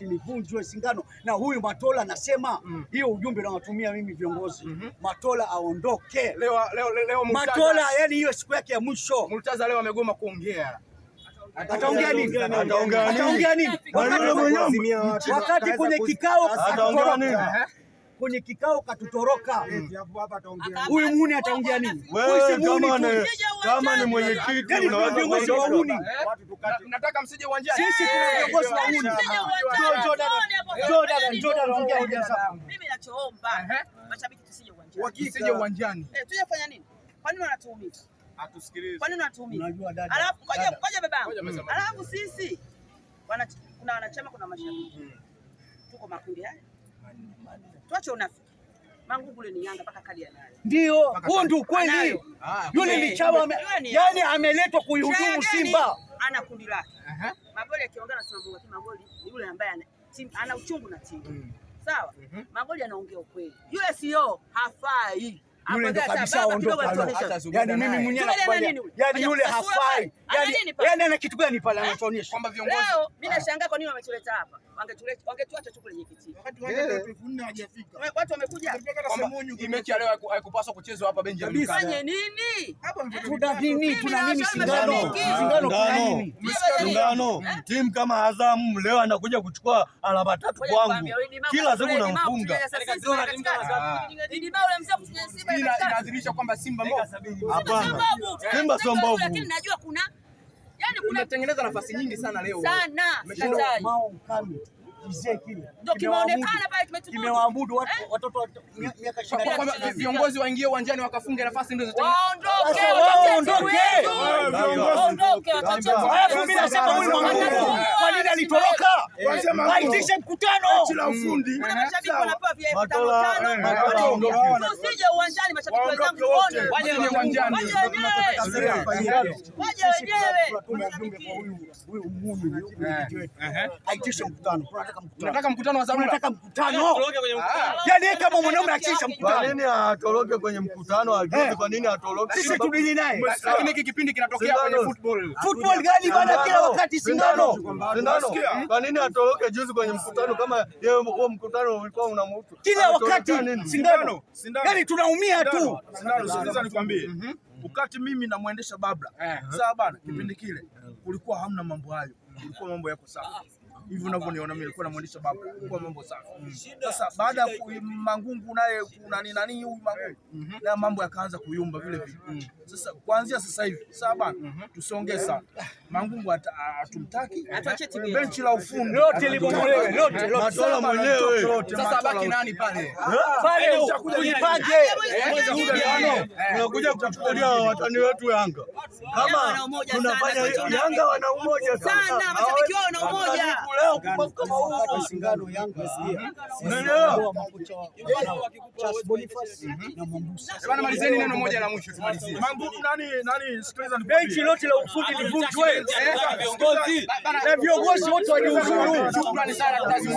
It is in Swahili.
Livunjwe singano na huyu Matola anasema mm. hiyo mm. Ujumbe nawatumia mimi viongozi mm -hmm. Matola aondoke leo, leo, leo, Matola yani hiyo siku yake ya mwisho. Murtaza leo amegoma kuongea, ataongea nini? Ataongea nini? Wakati kwenye kikao ataongea nini? kwenye kikao katutoroka. Huyu muni ataongea nini? Wewe kama ni yaani, mwenyekiti yaani, na viongozi wa uhuni, eh, nataka msije uwanjani. Sisi eh, tuna eh, viongozi wa uhuni. Mimi nachoomba mashabiki tusije uwanjani, tusije uwanjani. Eh, tuje fanya nini? Kwa nini wanatuumiza? Hatusikilizi. Kwa nini wanatuumiza? Alafu ngoja ngoja babangu, alafu sisi kuna wanachama, kuna mashabiki, mm. tuko makundi haya Tuache unafiki. Mangu kule ni Yanga mpaka kadi yanayo Ndio, huo ndio ukweli. Ah, yule ni chawa, yani ameletwa kuihudumu Simba. Ana kundi lake. Magoli akiongea anasema Mungu akima goli ni yule ambaye ana ana uchungu na timu. Mm. Sawa? Mhm. Magoli anaongea ukweli. Yule sio hafai yule ndo kabisa aondoka ondoka. Yani mimi mwenyewe nakubali. yani yule hafai. Yaani, yaani ana kitu gani pale anatuonyesha? Kwamba viongozi. Leo mimi ah. nashangaa kwa nini wametuleta hapa. Wangetuleta wangetuacha tu kule nyekiti. Wakati wale elfu nne hawajafika. Watu wamekuja. Hii mechi leo haikupaswa kuchezwa hapa Benjamin Mkapa. Fanye nini? Hapa tuna nini? Tuna nini singano? Singano kuna nini? Muungano, timu kama Azam leo anakuja kuchukua alama tatu kwangu, kila siku namfunga. Ah. Inadhihirisha kwamba Simba mbovu? Hapana, Simba sio mbovu. Yaani Umetengeneza nafasi nyingi sana leo. Sana kizee kile kimewaabudu eh? watoto miaka 20 viongozi waingie uwanjani wakafunge nafasi, ndio waondoke waondoke. mimi nasema huyu kwa nini alitoroka? Eh, waitishe mkutano mm. eh, usije uwanjani, mashabiki wenzangu waje wenyewe, waje wenyewe, aitishe mkutano. Tunataka mkutano wa dharura, tunataka mkutano. Yani ah. kama mwanaume akiisha mkutano, kwa nini atoroke kwenye mkutano? Ajui kwa nini atoroke, sisi tudili naye. Lakini hiki kipindi kinatokea kwenye football, football gani bana? Kila wakati sindano, sindano, kwa nini nini atoroke juzi kwenye mkutano kama yeye huo mkutano ulikuwa unamhusu kila wakati? Sindano yani tunaumia tu. Sindano, sikiliza nikwambie, mhm. wakati mimi namwendesha Babla, eh. sawa bana, kipindi mm. kile kulikuwa hamna mambo hayo, kulikuwa mambo yako sawa ah hivi unavyoniona mimi nilikuwa namwendesha baba kwa mambo safi. Mm. Sasa baada ya Mangungu naye kuna nini nani huyu Mangungu mhm. na mambo yakaanza kuyumba vile vile. Mm. Mm. Sasa kuanzia sasa hivi sasa bana, mhm. tusiongee sana. Mangungu atumtaki benchi la ufundi lote libomolewe lote lote mwenyewe. Sasa baki nani pale pale, utakuja kujipange, unakuja kuchukulia watani wetu Yanga kama tunafanya Yanga wana umoja sana, mashabiki wao wana umoja leo kama huu Singano Yanga Bwana, malizeni neno moja la mwisho tumalizie. Mambo nani nani, sikiliza, benchi lote la ufundi livunjwe, eh? viongozi na viongozi wote wajiuzuru. Shukrani sana.